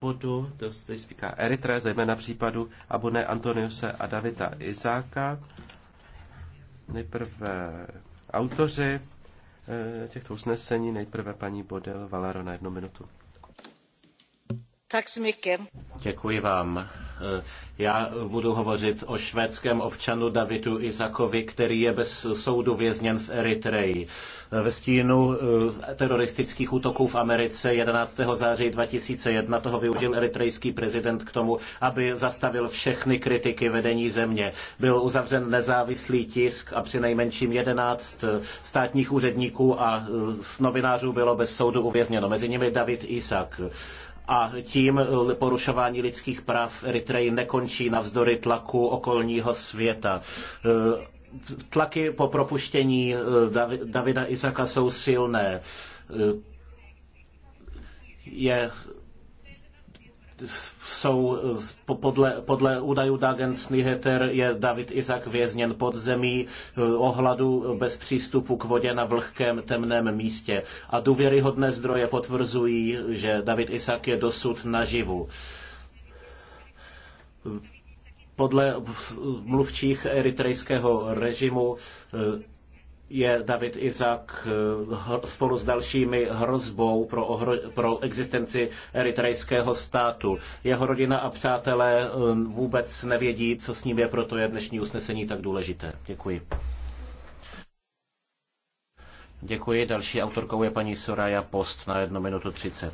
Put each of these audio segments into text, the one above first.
bodu, to se týká Eritre, zejména případu Abune Antoniuse a Davida Izáka. Nejprve autoři eh, těchto usnesení, nejprve paní Bodel Valero na jednu minutu. Tak Děkuji vám. Eh, já budu hovořit o švédském občanu Davidu Izakovi, který je bez soudu vězněn v Eritreji. Eh, ve stínu eh, teroristických útoků v Americe 11. září 2001 toho využil eritrejský prezident k tomu, aby zastavil všechny kritiky vedení země. Byl uzavřen nezávislý tisk a při nejmenším 11 státních úředníků a novinářů bylo bez soudu uvězněno. Mezi nimi David Isak. A tím eh, porušování lidských práv Eritreji nekončí navzdory tlaku okolního světa eh, tlaky po propuštění eh, Davida Izaka jsou silné. Je jsou podle, podle údajů Dagens Nyheter je David Izak vězněn pod zemí eh, ohladu bez přístupu k vodě na vlhkém temném místě. A důvěryhodné zdroje potvrzují, že David Izak je dosud naživu. Podle mluvčích eritrejského režimu eh, je David Izak eh, spolu s dalšími hrozbou pro, ohro, pro existenci eritrejského státu. Jeho rodina a přátelé eh, vůbec nevědí, co s ním je, proto je dnešní usnesení tak důležité. Děkuji. Děkuji. Další autorkou je paní Soraya Post na 1 minutu 30.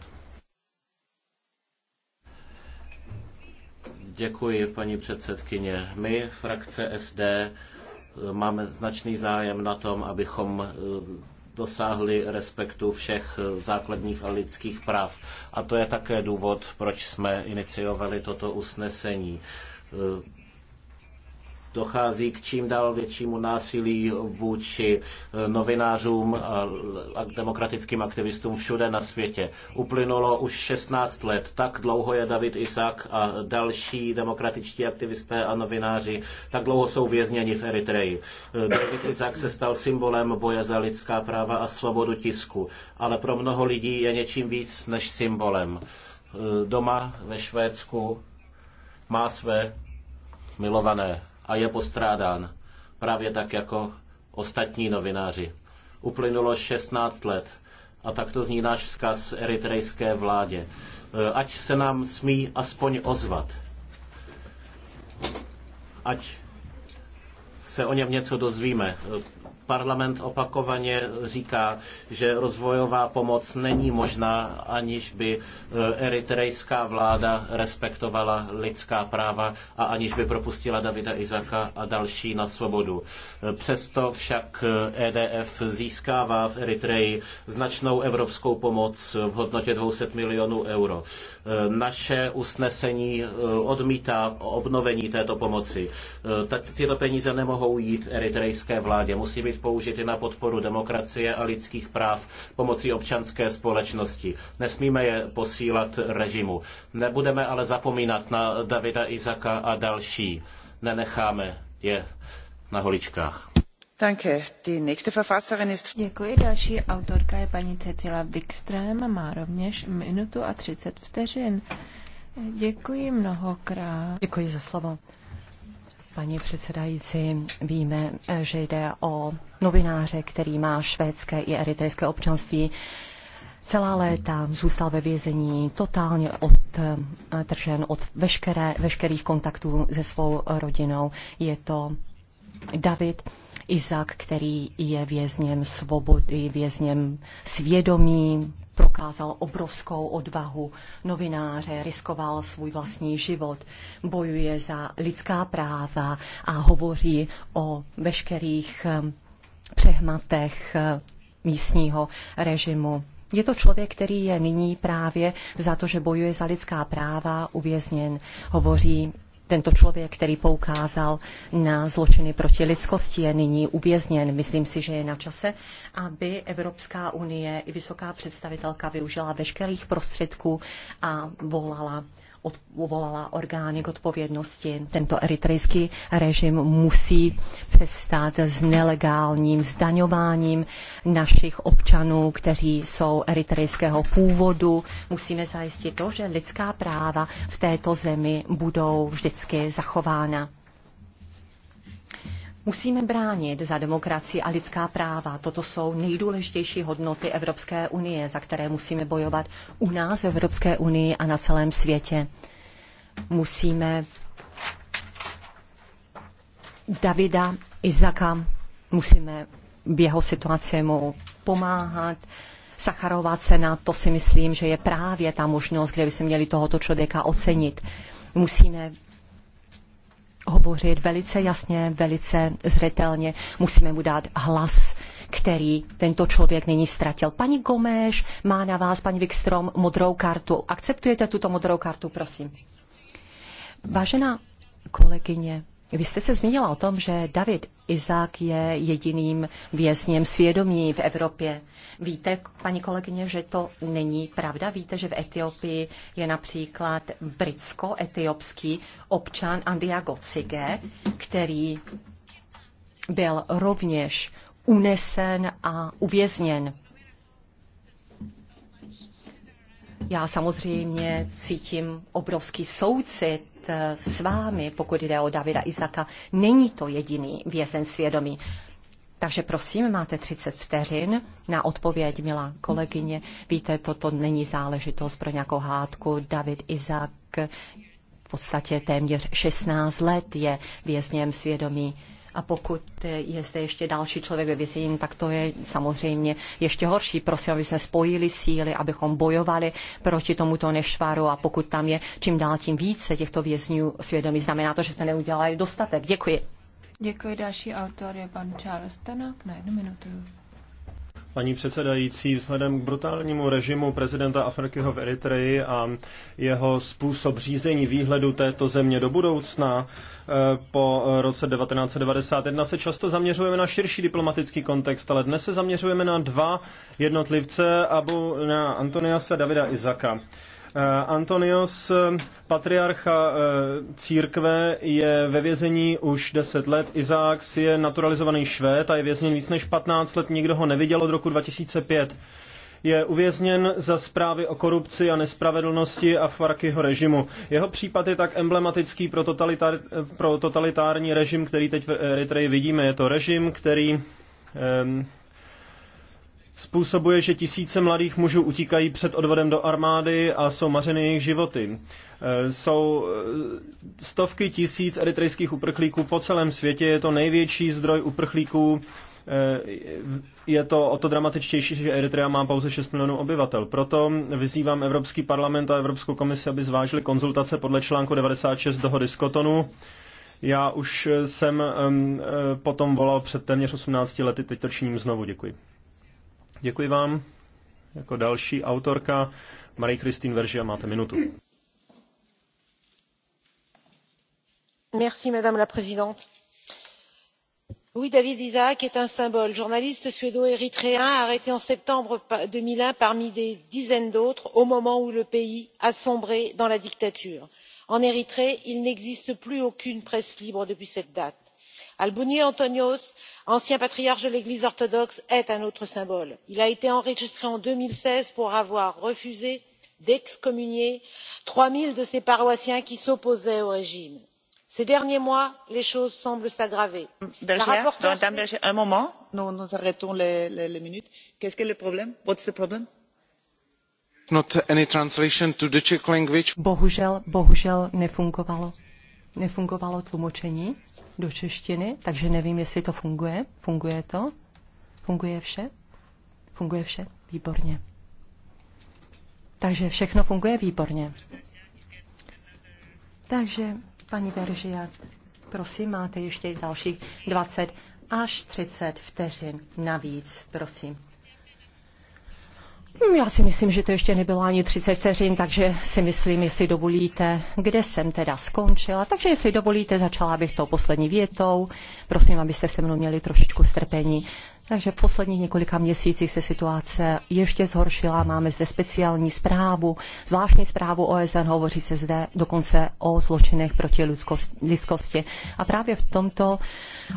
Děkuji, paní předsedkyně. My, frakce SD, Máme značný zájem na tom, abychom eh, dosáhli respektu všech eh, základních a lidských práv. A to je také důvod, proč jsme iniciovali toto usnesení eh, dochází k čím dál většímu násilí vůči eh, novinářům a demokratickým aktivistům všude na světě. Uplynulo už 16 let. Tak dlouho je David Isak a další demokratičtí aktivisté a novináři, tak dlouho jsou vězněni v Eritreji. Eh, David Isak se stal symbolem boje za lidská práva a svobodu tisku, ale pro mnoho lidí je něčím víc než symbolem. Eh, Doma ve Švédsku má své milované a je postrádán, právě tak jako ostatní novináři. Uplynulo 16 let a tak to zní náš vzkaz eritrejské vládě. E, ať se nám smí aspoň ozvat. Ať se o něm něco dozvíme. E, Parlament opakovaně říká, že rozvojová pomoc není možná, aniž by e, eritrejská vláda respektovala lidská práva a aniž by propustila Davida Izaka a další na svobodu. E, přesto však EDF e získává v Eritreji značnou evropskou pomoc v hodnotě 200 milionů euro. Naše usnesení odmítá obnovení této pomoci. tyto peníze nemohou jít eritrejské vládě. Musí být být použity na podporu demokracie a lidských práv pomocí občanské společnosti. Nesmíme je posílat režimu. Nebudeme ale zapomínat na Davida Izaka a další. Nenecháme je na holičkách. Děkuji. Další autorka je paní Cecila Wikström, má rovněž minutu a 30 vteřin. Děkuji mnohokrát. Děkuji za slovo paní předsedající. Víme, že jde o novináře, který má švédské i eritrejské občanství. Celá léta zůstal ve vězení totálně odtržen od veškeré, veškerých kontaktů se svou rodinou. Je to David Izak, který je vězněm svobody, vězněm svědomí, prokázal obrovskou odvahu novináře, riskoval svůj vlastní život, bojuje za lidská práva a hovoří o veškerých eh, přehmatech eh, místního režimu. Je to člověk, který je nyní právě za to, že bojuje za lidská práva, uvězněn. Hovoří tento člověk, který poukázal na zločiny proti lidskosti, je nyní uvězněn. Myslím si, že je na čase, aby Evropská unie i vysoká představitelka využila veškerých prostředků a volala odvolala orgány k odpovědnosti. Tento eritrejský režim musí přestat s nelegálním zdaňováním našich občanů, kteří jsou eritrejského původu. Musíme zajistit to, že lidská práva v této zemi budou vždycky zachována. Musíme bránit za demokracii a lidská práva. Toto jsou nejdůležitější hodnoty Evropské unie, za které musíme bojovat u nás v Evropské unii a na celém světě. Musíme Davida Izaka, musíme v jeho situaci mu pomáhat. Sacharová cena, to si myslím, že je právě ta možnost, kde by se měli tohoto člověka ocenit. Musíme hovořit velice jasně, velice zřetelně. Musíme mu dát hlas který tento člověk nyní ztratil. Paní Gomeš má na vás, paní Wikstrom, modrou kartu. Akceptujete tuto modrou kartu, prosím? Vážená kolegyně, vy jste se zmínila o tom, že David Izák je jediným vězněm svědomí v Evropě. Víte, paní kolegyně, že to není pravda? Víte, že v Etiopii je například britsko-etiopský občan Andiago Cige, který byl rovněž unesen a uvězněn. Já samozřejmě cítím obrovský soucit Eh, s vámi, pokud jde o Davida Izaka. Není to jediný vězen svědomí. Takže prosím, máte 30 vteřin na odpověď, milá kolegyně. Víte, toto není záležitost pro nějakou hádku. David Izak v podstatě téměř 16 let je vězněm svědomí. A pokud je zde ještě další člověk ve vězení, tak to je samozřejmě ještě horší. Prosím, aby jsme spojili síly, abychom bojovali proti tomuto nešvaru a pokud tam je čím dál tím více těchto vězňů svědomí, znamená to, že se neudělají dostatek. Děkuji. Děkuji. Další autor je pan Charles Tenok na jednu minutu. Paní předsedající, vzhledem k brutálnímu režimu prezidenta Afrikyho v Eritreji a jeho způsob řízení výhledu této země do budoucna eh, po roce 1991 se často zaměřujeme na širší diplomatický kontext, ale dnes se zaměřujeme na dva jednotlivce, Abu na Antoniasa Davida Izaka. Eh, Antonios, eh, patriarcha eh, církve, je ve vězení už 10 let. Izák je naturalizovaný švéd a je vězněn víc než 15 let. Nikdo ho neviděl od roku 2005 je uvězněn za zprávy o korupci a nespravedlnosti a Farkyho režimu. Jeho případ je tak emblematický pro, totalitár, pro totalitární režim, který teď v Eritreji vidíme. Je to režim, který um, způsobuje, že tisíce mladých mužů utíkají před odvodem do armády a jsou mařeny jejich životy. E, jsou e, stovky tisíc eritrejských uprchlíků po celém světě, je to největší zdroj uprchlíků e, je to o to dramatičtější, že Eritrea má pouze 6 milionů obyvatel. Proto vyzývám Evropský parlament a Evropskou komisi, aby zvážili konzultace podle článku 96 dohody z Kotonu. Já už jsem potom volal před téměř 18 lety, teď to činím znovu. Děkuji. Děkuji vám. Jako další autorka Marie Christine Veržia, máte minutu. Merci, madame la présidente. Oui, David Isaac est un symbole, journaliste suédo-érythréen arrêté en septembre 2001 parmi des dizaines d'autres au moment où le pays a sombré dans la dictature. En Érythrée, il n'existe plus aucune presse libre depuis cette date albouni antonios ancien patriarche de l'église orthodoxe est un autre symbole. il a été enregistré en deux mille seize pour avoir refusé d'excommunier trois zéro de ses paroissiens qui s'opposaient au régime. ces derniers mois les choses semblent s'aggraver. bohužel bohužel nefungovalo tlumočení do češtiny, takže nevím, jestli to funguje. Funguje to? Funguje vše? Funguje vše? Výborně. Takže všechno funguje výborně. Takže, paní Veržia, prosím, máte ještě dalších 20 až 30 vteřin navíc, prosím. Hm, já si myslím, že to ještě nebylo ani 30 vteřin, takže si myslím, jestli dovolíte, kde jsem teda skončila. Takže jestli dovolíte, začala bych tou poslední větou. Prosím, abyste se mnou měli trošičku strpení. Takže v posledních několika měsících se situace ještě zhoršila. Máme zde speciální zprávu, zvláštní zprávu OSN, hovoří se zde dokonce o zločinech proti lidskosti. A právě v tomto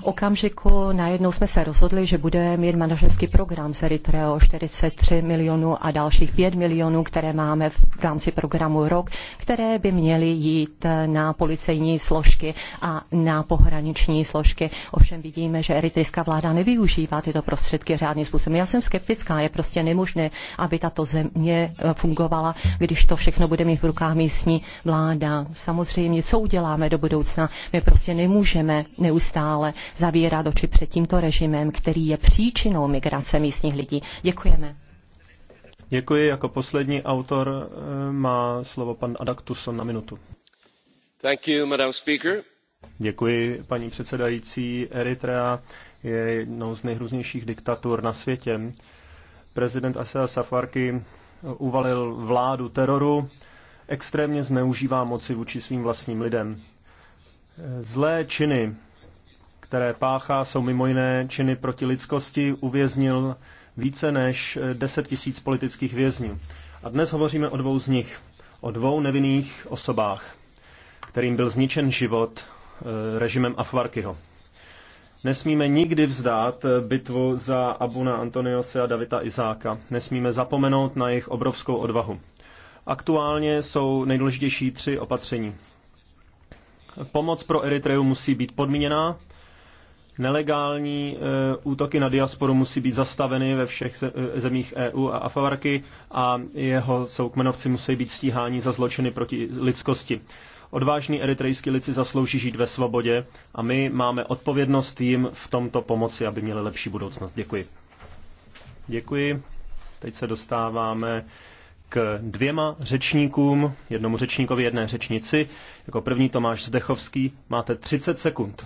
okamžiku najednou jsme se rozhodli, že budeme mít manažerský program z Eritreo 43 milionů a dalších 5 milionů, které máme v rámci programu ROK, které by měly jít na policejní složky a na pohraniční složky. Ovšem vidíme, že eritrejská vláda nevyužívá ty tyto prostředky řádným způsobem. Já jsem skeptická, je prostě nemožné, aby tato země e, fungovala, když to všechno bude mít v rukách místní vláda. Samozřejmě, co uděláme do budoucna? My prostě nemůžeme neustále zavírat oči před tímto režimem, který je příčinou migrace místních lidí. Děkujeme. Děkuji. Jako poslední autor e, má slovo pan Adaktuson na minutu. Thank you, Madam Speaker. Děkuji, paní předsedající. Eritrea je jednou z nejhrůznějších diktatur na světě. Prezident Asea Safarky uvalil vládu teroru, extrémně zneužívá moci vůči svým vlastním lidem. Zlé činy, které páchá, jsou mimo jiné činy proti lidskosti, uvěznil více než 10 tisíc politických vězňů. A dnes hovoříme o dvou z nich, o dvou nevinných osobách, kterým byl zničen život eh, režimem Afvarkyho. Nesmíme nikdy vzdát eh, bitvu za Abuna Antoniose a Davida Izáka. Nesmíme zapomenout na jejich obrovskou odvahu. Aktuálně jsou nejdůležitější tři opatření. Pomoc pro Eritreu musí být podmíněná, nelegální e, útoky na diasporu musí být zastaveny ve všech eh, zemích EU a Afavarky a jeho soukmenovci musí být stíháni za zločiny proti lidskosti. Odvážní eritrejský lidi zaslouží žít ve svobodě a my máme odpovědnost jim v tomto pomoci, aby měli lepší budoucnost. Děkuji. Děkuji. Teď se dostáváme k dvěma řečníkům, jednomu řečníkovi, jedné řečnici. Jako první Tomáš Zdechovský, máte 30 sekund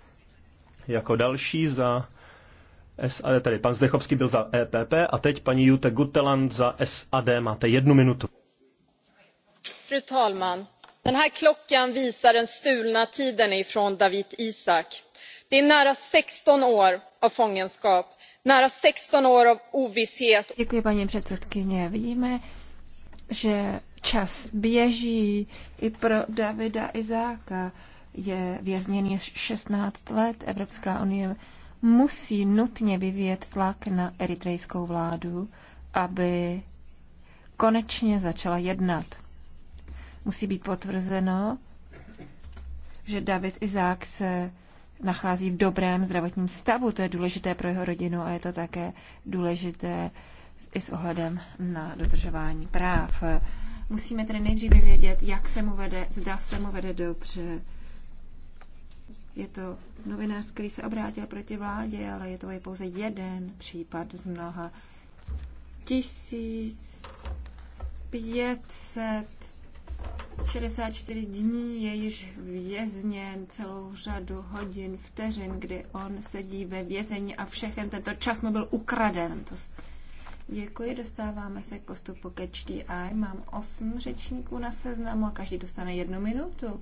Jako další za SAD, tedy pan Zdechovský byl za EPP a teď paní Jute Guteland za SAD. Máte jednu minutu. Fru talman, den här klockan visar den stulna tiden ifrån David Isak. Det är nära 16 år av fångenskap, nära 16 år av ovisshet. Děkuji, paní předsedkyně. Vidíme, že čas běží i pro Davida Izáka je vězněn je 16 let. Evropská unie musí nutně vyvíjet tlak na eritrejskou vládu, aby konečně začala jednat. Musí být potvrzeno, že David Izák se nachází v dobrém zdravotním stavu. To je důležité pro jeho rodinu a je to také důležité i s ohledem na dodržování práv. Musíme tedy nejdříve vědět, jak se mu vede, zda se mu vede dobře je to novinář, který se obrátil proti vládě, ale je to je pouze jeden případ z mnoha. 1564 dní je již vězněn celou řadu hodin, vteřin, kdy on sedí ve vězení a všechen tento čas mu byl ukraden. To Děkuji, dostáváme se k postupu ke HDI. Mám osm řečníků na seznamu a každý dostane jednu minutu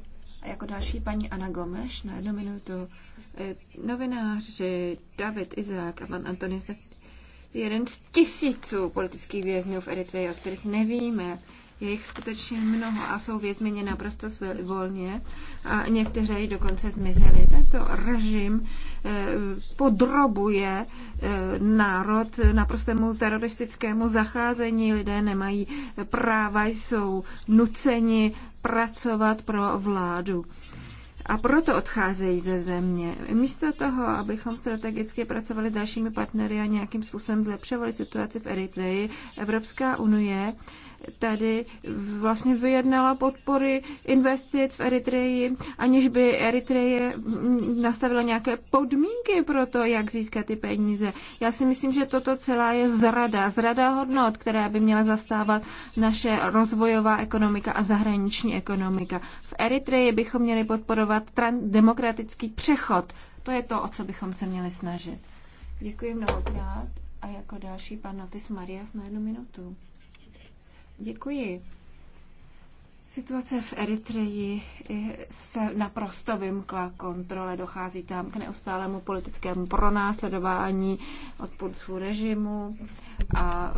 A jako další paní Ana Gomeš na jednu minutu. Eh, Novináři David Izák a pan Antonis jeden z tisíců politických vězňů v Eritreji, o kterých nevíme. Je jich skutečně mnoho a jsou vězměně naprosto volně a někteří dokonce zmizeli. Tento režim eh, podrobuje eh, národ naprostému teroristickému zacházení. Lidé nemají práva, jsou nuceni pracovat pro vládu a proto odcházejí ze země. Místo toho, abychom strategicky pracovali s dalšími partnery a nějakým způsobem zlepšovali situaci v Eritreji, Evropská unie tedy vlastně vyjednala podpory investic v Eritreji, aniž by Eritreje nastavila nějaké podmínky pro to, jak získat ty peníze. Já si myslím, že toto celá je zrada, zrada hodnot, která by měla zastávat naše rozvojová ekonomika a zahraniční ekonomika. V Eritreji bychom měli podporovat demokratický přechod. To je to, o co bychom se měli snažit. Děkuji mnohokrát a jako další pan Notis Marias na jednu minutu. Děkuji. Situace v Eritreji se naprosto vymkla kontrole, dochází tam k neustálému politickému pronásledování odpůrců režimu a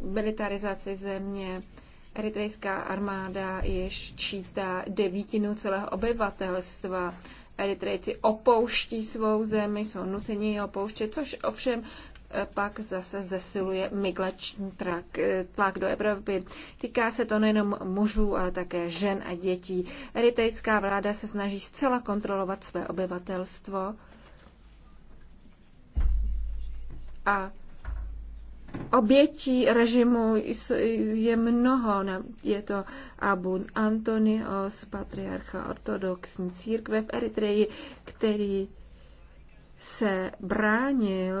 militarizaci země. Eritrejská armáda již čítá devítinu celého obyvatelstva. Eritrejci opouští svou zemi, jsou nuceni ji opouštět, což ovšem pak zase zesiluje migrační trak, tlak do Evropy. Týká se to nejenom mužů, ale také žen a dětí. Eritejská vláda se snaží zcela kontrolovat své obyvatelstvo a obětí režimu je mnoho. Je to Abun Antonios, patriarcha ortodoxní církve v Eritreji, který se bránil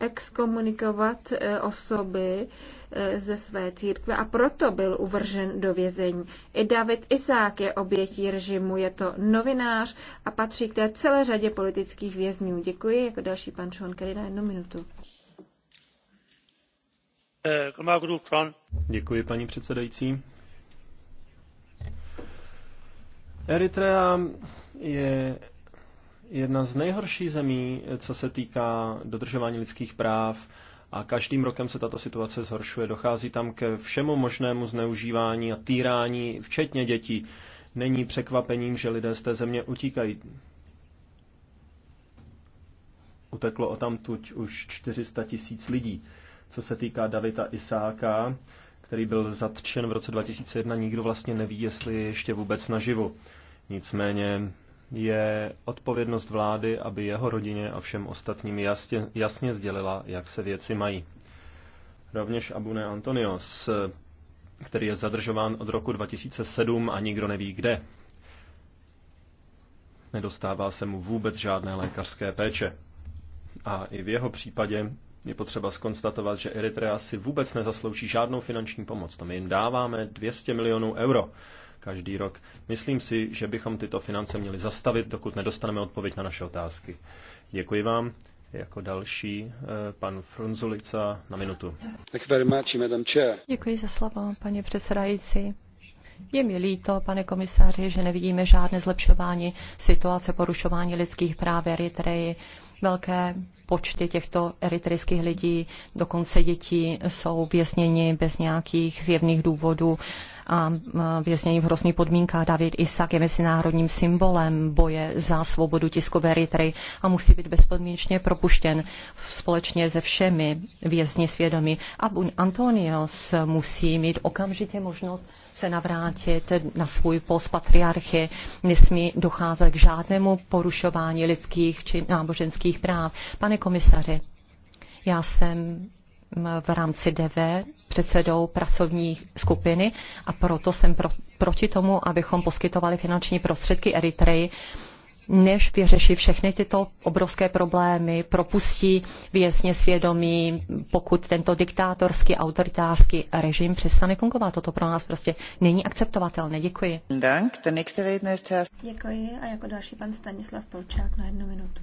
exkomunikovat eh, osoby eh, ze své církve a proto byl uvržen do vězení. I David Isák je obětí režimu, je to novinář a patří k té celé řadě politických vězňů. Děkuji. Jako další pan Sean Kelly na jednu minutu. Děkuji, paní předsedající. Eritrea je jedna z nejhorších zemí, co se týká dodržování lidských práv a každým rokem se tato situace zhoršuje. Dochází tam ke všemu možnému zneužívání a týrání, včetně dětí. Není překvapením, že lidé z té země utíkají. Uteklo o tamtuť už 400 tisíc lidí. Co se týká Davida Isáka, který byl zatčen v roce 2001, nikdo vlastně neví, jestli je ještě vůbec naživu. Nicméně je odpovědnost vlády, aby jeho rodině a všem ostatním jasně, jasně sdělila, jak se věci mají. Rovněž Abune Antonios, který je zadržován od roku 2007 a nikdo neví kde. Nedostává se mu vůbec žádné lékařské péče. A i v jeho případě je potřeba skonstatovat, že Eritrea si vůbec nezaslouží žádnou finanční pomoc. To my jim dáváme 200 milionů euro každý rok. Myslím si, že bychom tyto finance měli zastavit, dokud nedostaneme odpověď na naše otázky. Děkuji vám. Jako další eh, pan Frunzulica na minutu. Děkuji za slovo, paní předsedající. Je mi líto, pane komisáři, že nevidíme žádné zlepšování situace porušování lidských práv v Eritreji. Velké počty těchto eritrejských lidí, dokonce dětí, jsou vězněni bez nějakých zjevných důvodů a věznění v hrozných podmínkách. David Isak je mezinárodním symbolem boje za svobodu tiskové rytry a musí být bezpodmínečně propuštěn společně se všemi vězni svědomí. A Antonios musí mít okamžitě možnost se navrátit na svůj post patriarchy. Nesmí docházet k žádnému porušování lidských či náboženských práv. Pane komisaři, já jsem v rámci DV předsedou pracovní skupiny a proto jsem pro, proti tomu, abychom poskytovali finanční prostředky Eritreji, než vyřeší všechny tyto obrovské problémy, propustí vězně svědomí, pokud tento diktátorský, autoritářský režim přestane fungovat. Toto pro nás prostě není akceptovatelné. Děkuji. Děkuji a jako další pan Stanislav Polčák na jednu minutu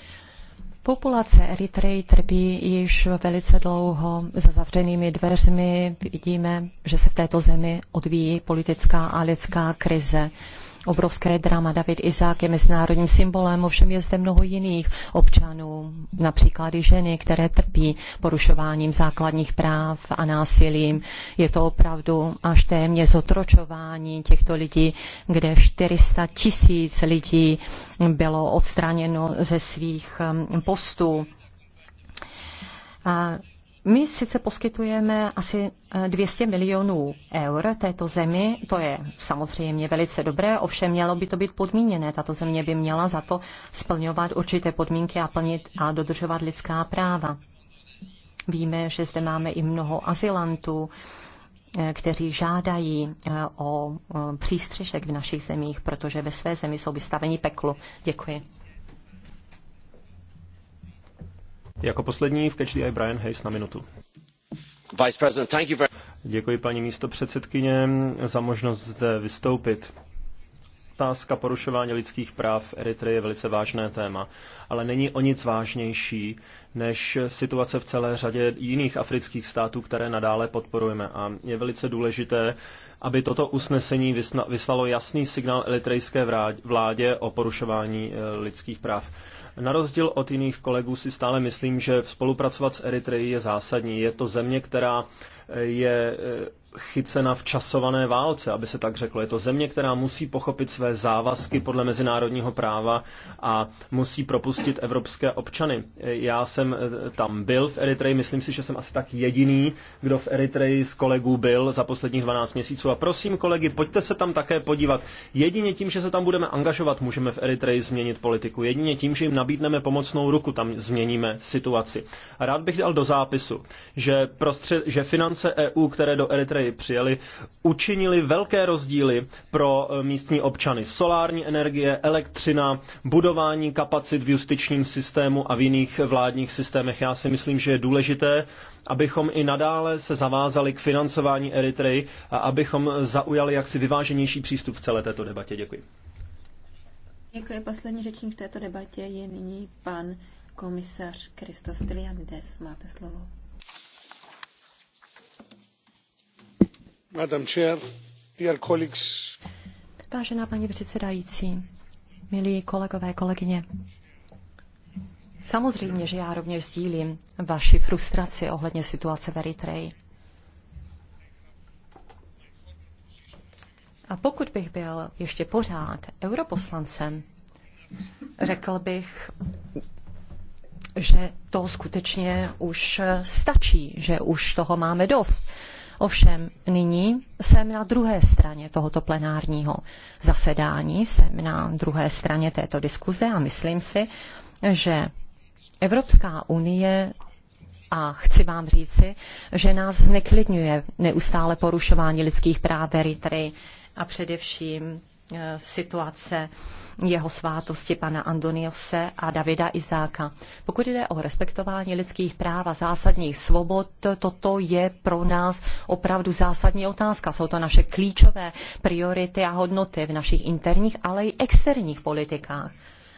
Populace Eritreji trpí již velice dlouho za zavřenými dveřmi. Vidíme, že se v této zemi odvíjí politická a lidská krize obrovské drama. David Izák je mezinárodním symbolem, ovšem je zde mnoho jiných občanů, například i ženy, které trpí porušováním základních práv a násilím. Je to opravdu až téměř zotročování těchto lidí, kde 400 tisíc lidí bylo odstraněno ze svých um, postů. A my sice poskytujeme asi 200 eh, milionů eur této zemi, to je samozřejmě velice dobré, ovšem mělo by to být podmíněné. Tato země by měla za to splňovat určité podmínky a plnit a dodržovat lidská práva. Víme, že zde máme i mnoho azylantů, eh, kteří žádají eh, o přístřešek v našich zemích, protože ve své zemi jsou vystaveni peklu. Děkuji. Jako poslední v Catch the Eye Brian Hayes na minutu. Vice President, thank you very... Děkuji paní místo předsedkyně za možnost zde vystoupit. Otázka porušování lidských práv v Eritreji je velice vážné téma, ale není o nic vážnější než situace v celé řadě jiných afrických států, které nadále podporujeme. A je velice důležité, aby toto usnesení vyslalo jasný signál elitrejské vládě o porušování e, lidských práv. Na rozdíl od jiných kolegů si stále myslím, že spolupracovat s Eritreji je zásadní. Je to země, která e, je e, chycena v časované válce, aby se tak řeklo. Je to země, která musí pochopit své závazky podle mezinárodního práva a musí propustit evropské občany. Já jsem tam byl v Eritreji, myslím si, že jsem asi tak jediný, kdo v Eritreji z kolegů byl za posledních 12 měsíců a prosím kolegy, pojďte se tam také podívat. Jedině tím, že se tam budeme angažovat, můžeme v Eritreji změnit politiku. Jedině tím, že jim nabídneme pomocnou ruku, tam změníme situaci. A rád bych dal do zápisu, že, prostřed, že finance EU, které do Eritreji přijeli, učinili velké rozdíly pro e, místní občany. Solární energie, elektřina, budování kapacit v justičním systému a v jiných vládních systémech. Já si myslím, že je důležité, abychom i nadále se zavázali k financování Eritreji a abychom zaujali jaksi vyváženější přístup v celé této debatě. Děkuji. Děkuji. Poslední řečník v této debatě je nyní pan komisař Kristos Stylianides. Máte slovo. Madam Chair, dear colleagues. Vážená paní předsedající, milí kolegové, kolegyně, Samozřejmě, že já rovněž sdílím vaši frustraci ohledně situace v Eritreji. A pokud bych byl ještě pořád europoslancem, řekl bych, že to skutečně už stačí, že už toho máme dost. Ovšem nyní jsem na druhé straně tohoto plenárního zasedání, jsem na druhé straně této diskuze a myslím si, že Evropská unie a chci vám říci, že nás zneklidňuje neustále porušování lidských práv Eritreji a především eh, situace jeho svátosti pana Antoniose a Davida Izáka. Pokud jde o respektování lidských práv a zásadních svobod, toto je pro nás opravdu zásadní otázka. Jsou to naše klíčové priority a hodnoty v našich interních, ale i externích politikách.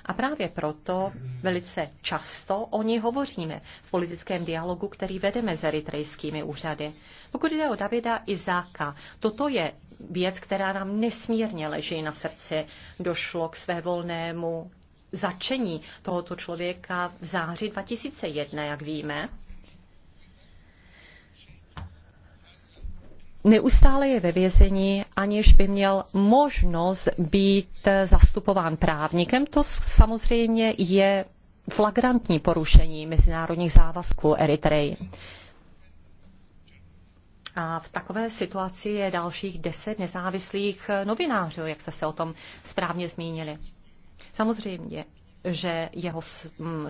A právě proto velice často o ní hovoříme v politickém dialogu, který vedeme s eritrejskými úřady. Pokud jde o Davida Izáka, toto je věc, která nám nesmírně leží na srdci. Došlo k své volnému začení tohoto člověka v září 2001, jak víme. neustále je ve vězení, aniž by měl možnost být eh, zastupován právníkem. To samozřejmě je flagrantní porušení mezinárodních závazků Eritreji. A v takové situaci je dalších deset nezávislých eh, novinářů, jak jste se o tom správně zmínili. Samozřejmě, že jeho mm,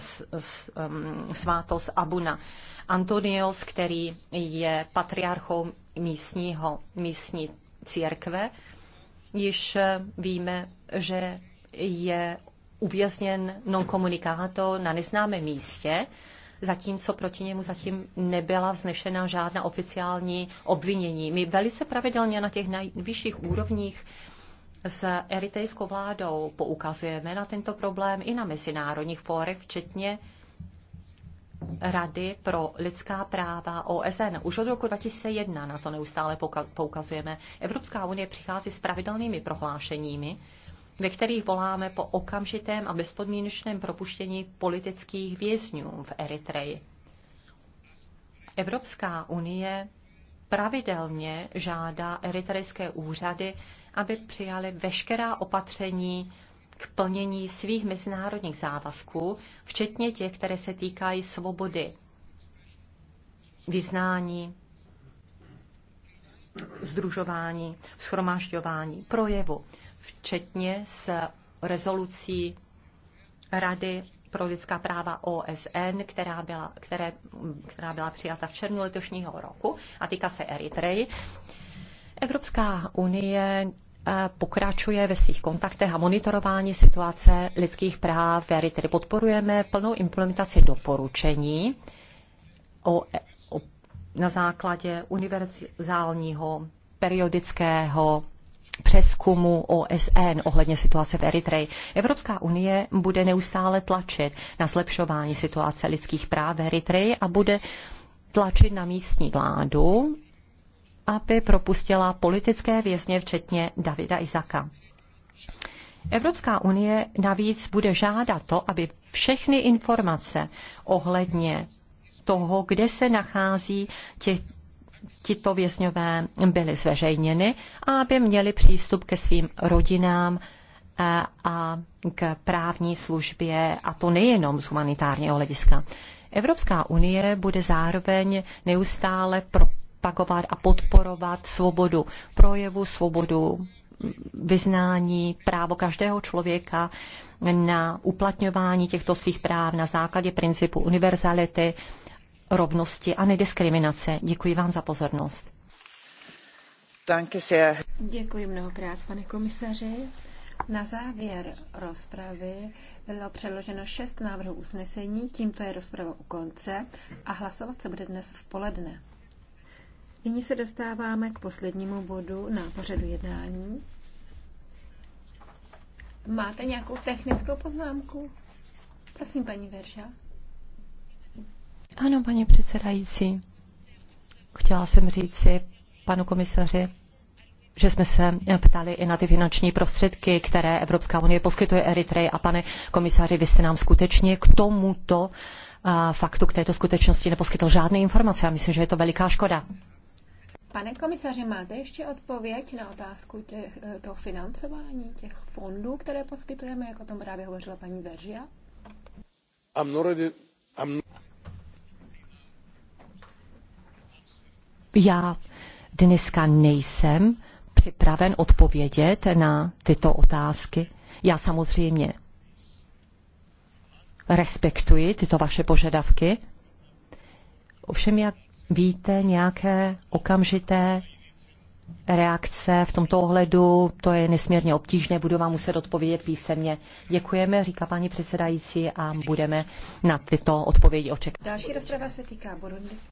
mm, svátost Abuna Antonios, který je patriarchou místního, místní církve, již víme, že je uvězněn non communicato na neznámém místě, zatímco proti němu zatím nebyla vznešena žádná oficiální obvinění. My velice pravidelně na těch nejvyšších úrovních s eritejskou vládou. Poukazujeme na tento problém i na mezinárodních fórech, včetně Rady pro lidská práva OSN. Už od roku 2001 na to neustále poukazujeme. Evropská unie přichází s pravidelnými prohlášeními, ve kterých voláme po okamžitém a bezpodmínečném propuštění politických vězňů v Eritreji. Evropská unie pravidelně žádá eritrejské úřady aby přijali veškerá opatření k plnění svých mezinárodních závazků, včetně těch, které se týkají svobody vyznání, združování, schromážďování, projevu, včetně s rezolucí Rady pro lidská práva OSN, která byla, které, která byla přijata v červnu letošního roku a týká se Eritreji. Evropská unie eh, pokračuje ve svých kontaktech a monitorování situace lidských práv. Věry tedy podporujeme plnou implementaci doporučení o, o, na základě univerzálního periodického přeskumu OSN ohledně situace v Eritreji. Evropská unie bude neustále tlačit na zlepšování situace lidských práv v Eritreji a bude tlačit na místní vládu, aby propustila politické vězně, včetně Davida Izaka. Evropská unie navíc bude žádat to, aby všechny informace ohledně toho, kde se nachází tě, tito vězňové, byly zveřejněny a aby měli přístup ke svým rodinám a, eh, a k právní službě, a to nejenom z humanitárního hlediska. Evropská unie bude zároveň neustále pro propagovat a podporovat svobodu projevu, svobodu vyznání, právo každého člověka na uplatňování těchto svých práv na základě principu univerzality, rovnosti a nediskriminace. Děkuji vám za pozornost. Děkuji mnohokrát, pane komisaři. Na závěr rozpravy bylo předloženo šest návrhů usnesení, tímto je rozprava u konce a hlasovat se bude dnes v poledne. Nyní se dostáváme k poslednímu bodu na pořadu jednání. Máte nějakou technickou poznámku? Prosím, paní Verša. Ano, paní předsedající. Chtěla jsem říct si panu komisaři, že jsme se ptali i na ty finanční prostředky, které Evropská unie poskytuje Eritreji. A pane komisaři, vy jste nám skutečně k tomuto faktu, k této skutečnosti neposkytl žádné informace. Já myslím, že je to veliká škoda. Pane komisaři, máte ještě odpověď na otázku těch, eh, toho financování těch fondů, které poskytujeme, jak o tom právě hovořila paní Veržia? Já dneska nejsem připraven odpovědět na tyto otázky. Já samozřejmě respektuji tyto vaše požadavky. Ovšem, jak víte nějaké okamžité reakce v tomto ohledu, to je nesmírně obtížné, budu vám muset odpovědět písemně. Děkujeme, říká paní předsedající, a budeme na tyto odpovědi očekávat. Další rozprava se týká Burundi.